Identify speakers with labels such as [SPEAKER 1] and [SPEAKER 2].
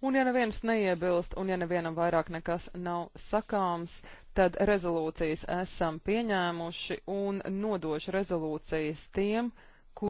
[SPEAKER 1] Un ja neviens neiebilst, un ja nevienam vairāk nekas nav sakāms, tad rezolūcijas esam pieņēmuši un nodošu rezolūcijas tiem,